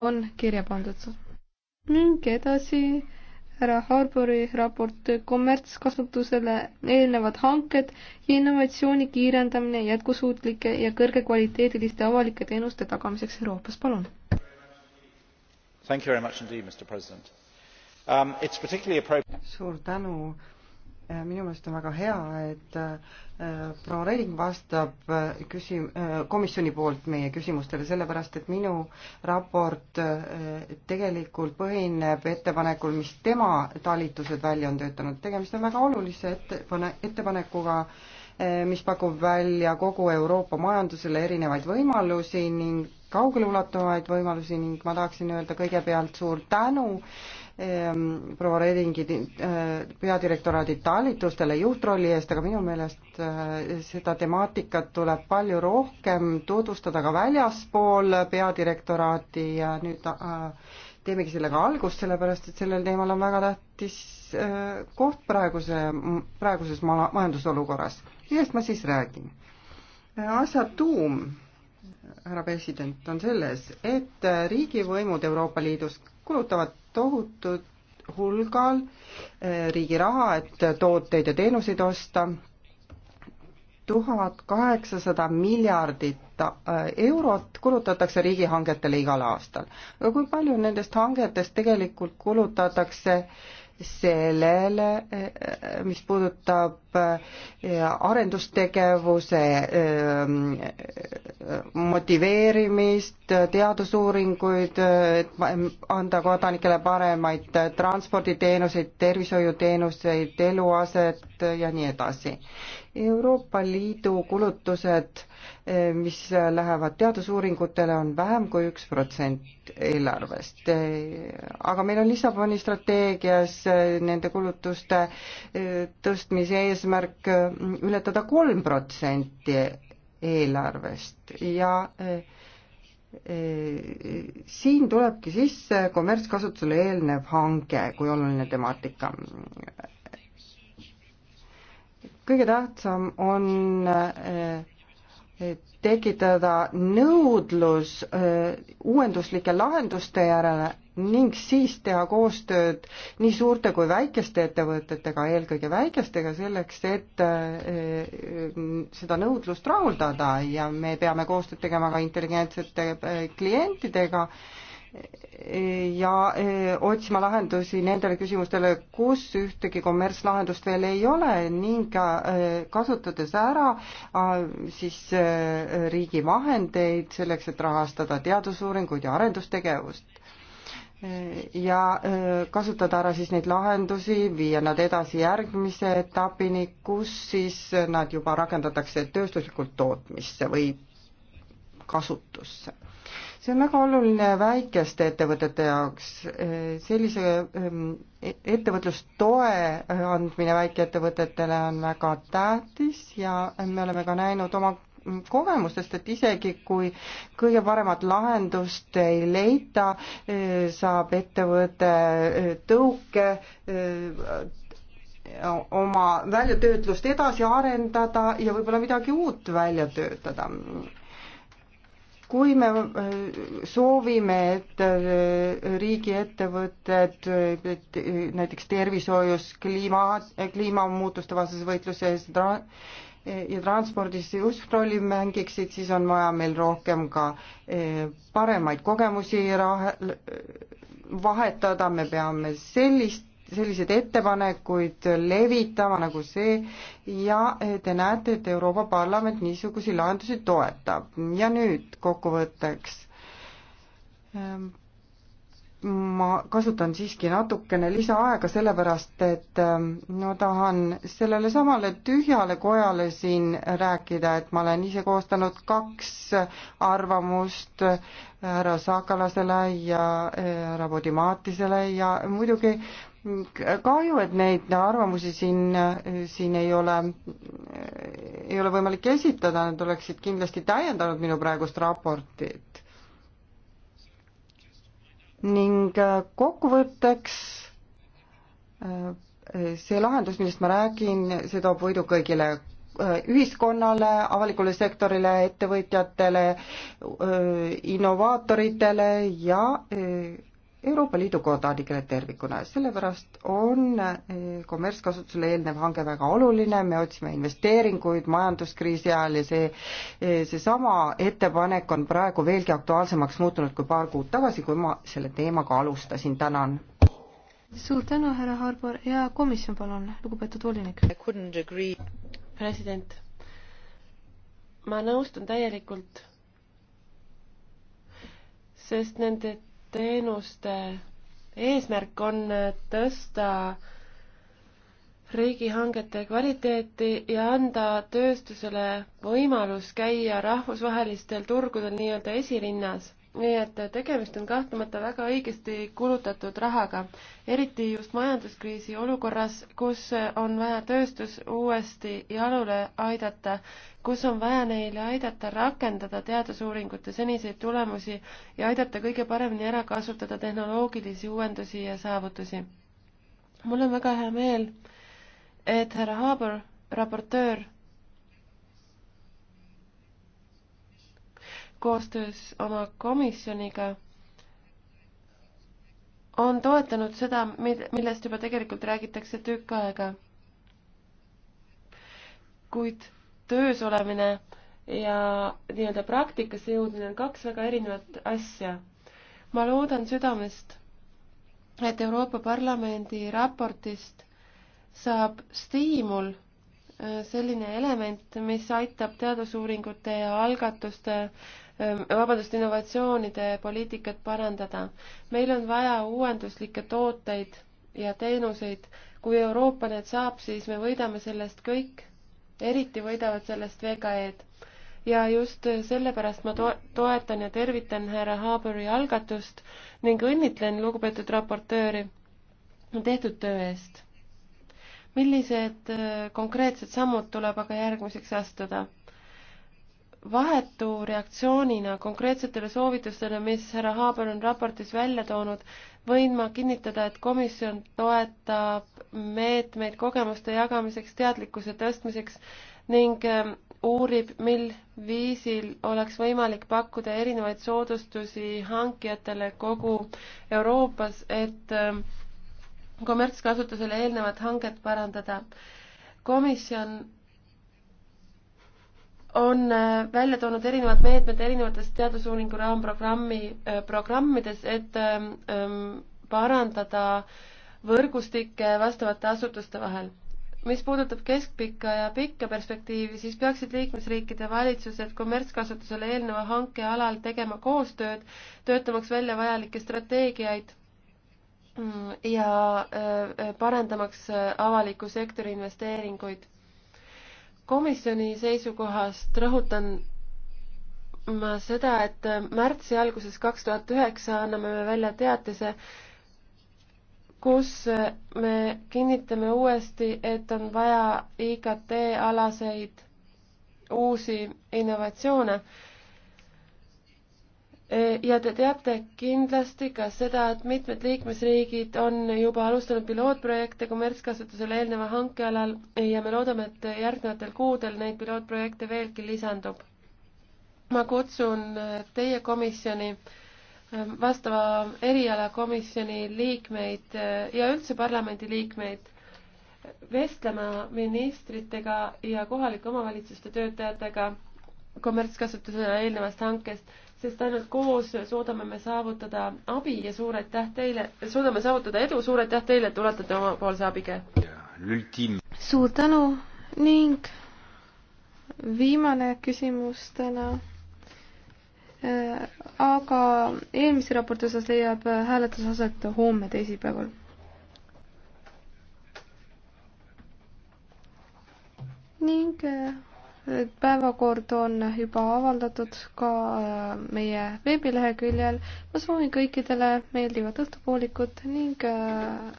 on kirja pandud. ning edasi härra Harbori raport kommertskasutusele eelnevad hanked ja innovatsiooni kiirendamine jätkusuutlike ja kõrgekvaliteediliste avalike teenuste tagamiseks Euroopas, palun. Um, suur tänu Äh, minu meelest on väga hea, et äh, proua Reiling vastab äh, küsim-, komisjoni poolt meie küsimustele, sellepärast et minu raport tegelikult põhineb ettepanekul, mis tema talitused välja on töötanud. tegemist on väga olulise ettepane-, ettepanekuga, mis pakub välja kogu Euroopa majandusele erinevaid võimalusi ning kaugeleulatuvaid võimalusi ning ma tahaksin öelda kõigepealt suur tänu ehm, proua Redingi eh, peadirektoraadi talitustele juhtrolli eest, aga minu meelest eh, seda temaatikat tuleb palju rohkem tutvustada ka väljaspool peadirektoraati ja nüüd eh, teemegi sellega algust, sellepärast et sellel teemal on väga tähtis eh, koht praeguse, praeguses majandusolukorras. millest ma siis räägin? Eh, asja tuum härra president, on selles, et riigivõimud Euroopa Liidus kulutavad tohutud hulgal eh, riigi raha, et tooteid ja teenuseid osta. tuhat kaheksasada miljardit eh, eurot kulutatakse riigihangetele igal aastal. aga kui palju nendest hangetest tegelikult kulutatakse äh, sellele, mis puudutab eh, arendustegevuse eh, motiveerimist, teadusuuringuid, et anda kodanikele paremaid transporditeenuseid, tervishoiuteenuseid, eluaset ja nii edasi. Euroopa Liidu kulutused, eh, mis lähevad teadusuuringutele, on vähem kui üks protsent eelarvest. Eh, aga meil on Lissaboni strateegias eh, nende kulutuste tõstmise eesmärk ületada kolm protsenti eelarvest ja siin tulebki sisse kommertskasutusele eelnev hange kui oluline temaatika kõige tähtsam on eh, tekitada nõudlus eh, uuenduslike lahenduste järele ning siis teha koostööd nii suurte kui väikeste ettevõtetega, eelkõige väikestega, selleks et eh, seda nõudlust rahuldada ja me peame koostööd tegema ka intelligentsete klientidega ja eh, otsima lahendusi nendele küsimustele, kus ühtegi kommertslahendust veel ei ole ning eh, kasutades ära eh, siis riigi vahendeid selleks, et rahastada teadusuuringuid ja arendustegevust ja kasutada ära siis neid lahendusi, viia nad edasi järgmise etapini, kus siis nad juba rakendatakse tööstuslikult tootmisse või kasutusse see on väga oluline väikeste ettevõtete jaoks, äh, sellise ähm, e-, ettevõtlustoe äh, andmine väikeettevõtetele on väga tähtis ja me oleme ka näinud oma mm, kogemustest, et isegi kui kõige paremat lahendust ei leita, äh, saab ettevõte tõuke oma väljatöötlust edasi arendada ja võib-olla midagi uut välja töötada kui me äh, soovime, et äh, riigiettevõtted et äh, näiteks tervishoius, kliima, kliimamuutuste vastases võitluses tra- ja transpordis just rolli mängiksid, siis on vaja meil rohkem ka paremaid kogemusi vahetada, me peame sellist selliseid ettepanekuid levitama nagu see ja te näete, et Euroopa Parlament niisugusi lahendusi toetab. ja nüüd kokkuvõtteks. Ehm, ma kasutan siiski natukene lisaaega, sellepärast et no ehm, tahan sellele samale tühjale kojale siin rääkida, et ma olen ise koostanud kaks arvamust härra Sakalasele ja eh, härra Podimatisele ja muidugi kahju, et neid arvamusi siin, siin ei ole, ei ole võimalik esitada, nad oleksid kindlasti täiendanud minu praegust raportit. ning kokkuvõtteks see lahendus, millest ma räägin, see toob võidu kõigile ühiskonnale, avalikule sektorile, ettevõtjatorile, innovaatoritele ja Euroopa Liidu kodanikele tervikuna, sellepärast on eh, kommertskasutusele eelnev hange väga oluline, me otsime investeeringuid majanduskriisi ajal ja see, eh, seesama ettepanek on praegu veelgi aktuaalsemaks muutunud kui paar kuud tagasi, kui ma selle teemaga alustasin, tänan. suur tänu, härra Harbor ja komisjon, palun, lugupeetud volinik. president, ma nõustun täielikult, sest nende teenuste eesmärk on tõsta riigihangete kvaliteeti ja anda tööstusele võimalus käia rahvusvahelistel turgudel nii-öelda esirinnas nii et tegemist on kahtlemata väga õigesti kulutatud rahaga, eriti just majanduskriisi olukorras, kus on vaja tööstus uuesti jalule aidata, kus on vaja neile aidata rakendada teadusuuringute seniseid tulemusi ja aidata kõige paremini ära kasutada tehnoloogilisi uuendusi ja saavutusi. mul on väga hea meel, et härra Haabor, raportöör koostöös oma komisjoniga on toetanud seda, millest juba tegelikult räägitakse tükk aega. kuid töös olemine ja nii-öelda praktikasse jõudmine on kaks väga erinevat asja. ma loodan südamest, et Euroopa Parlamendi raportist saab stiimul äh, selline element, mis aitab teadusuuringute ja algatuste Ehm, vabandust, innovatsioonide poliitikat parandada. meil on vaja uuenduslikke tooteid ja teenuseid. kui Euroopa need saab, siis me võidame sellest kõik, eriti võidavad sellest VKE-d. ja just sellepärast ma to toetan ja tervitan härra Haaberi algatust ning õnnitlen lugupeetud raportööri tehtud töö eest millised ehm, konkreetsed sammud tuleb aga järgmiseks astuda? vahetu reaktsioonina konkreetsetele soovitustele, mis härra Haaber on raportis välja toonud, võin ma kinnitada, et komisjon toetab meetmeid kogemuste jagamiseks, teadlikkuse tõstmiseks ning ähm, uurib, mil viisil oleks võimalik pakkuda erinevaid soodustusi hankijatele kogu Euroopas, et ähm, kommertskasutusele eelnevat hanget parandada. komisjon on äh, välja toonud erinevad meetmed erinevates teadusuuringu raamprogrammi, äh, programmides, et ähm, ähm, parandada võrgustikke vastavate asutuste vahel. mis puudutab keskpikka ja pikka perspektiivi, siis peaksid liikmesriikide valitsused kommertskasutusele eelneva hanke alal tegema koostööd, töötamaks välja vajalikke strateegiaid mm, ja äh, parendamaks avaliku sektori investeeringuid komisjoni seisukohast rõhutan ma seda, et märtsi alguses kaks tuhat üheksa anname me välja teatise, kus me kinnitame uuesti, et on vaja IKT-alaseid uusi innovatsioone ja te teate kindlasti ka seda, et mitmed liikmesriigid on juba alustanud pilootprojekte kommertskasutusele eelneva hanke alal ja me loodame, et järgnevatel kuudel neid pilootprojekte veelgi lisandub. ma kutsun teie komisjoni vastava erialakomisjoni liikmeid ja üldse parlamendi liikmeid vestlema ministritega ja kohalike omavalitsuste töötajatega kommertskasutusele eelnevast hankest sest ainult koos suudame me saavutada abi ja suur aitäh teile, suudame saavutada edu, suur aitäh teile, et ulatate omapoolse abikäe. suur tänu ning viimane küsimus täna äh, aga eelmise raporti osas leiab hääletus aset homme teisipäeval. ning äh, päevakord on juba avaldatud ka äh, meie veebileheküljel. ma soovin kõikidele meeldivat õhtupoolikut ning äh,